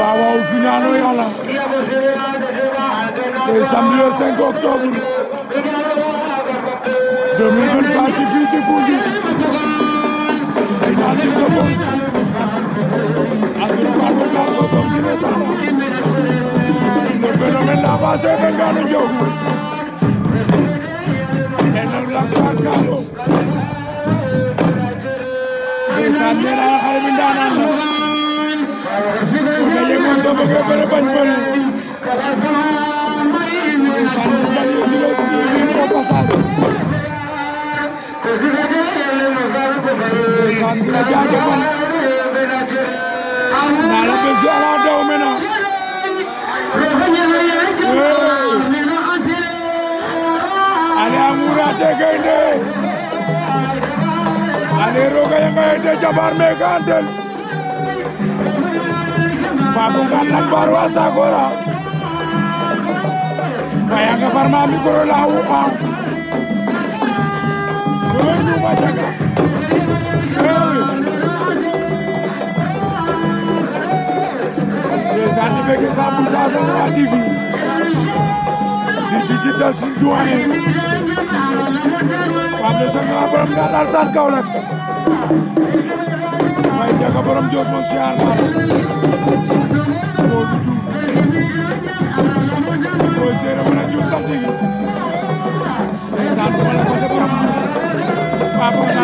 waaw waaw finaano yàlla tey samedi le 5 octobre 2024 ci fii ci Koungheul day naan ci sa bopp ak une passe de garde au sol dina sàmm le phénomène n'a pas changé Nganou Ndiob et le Black Pancalo tey samedi xale bi ndaanaan la Ane roga yang ada jabar megan dan Babukan Akbar Wasagora Kaya ka farma mikro lahu ka Dulu majaga Sani beke sabu sasa na TV Digi kita sinduane Pablo sa nga param nga larsan kaulat May jaga param jod mo siya Thank you. Papa,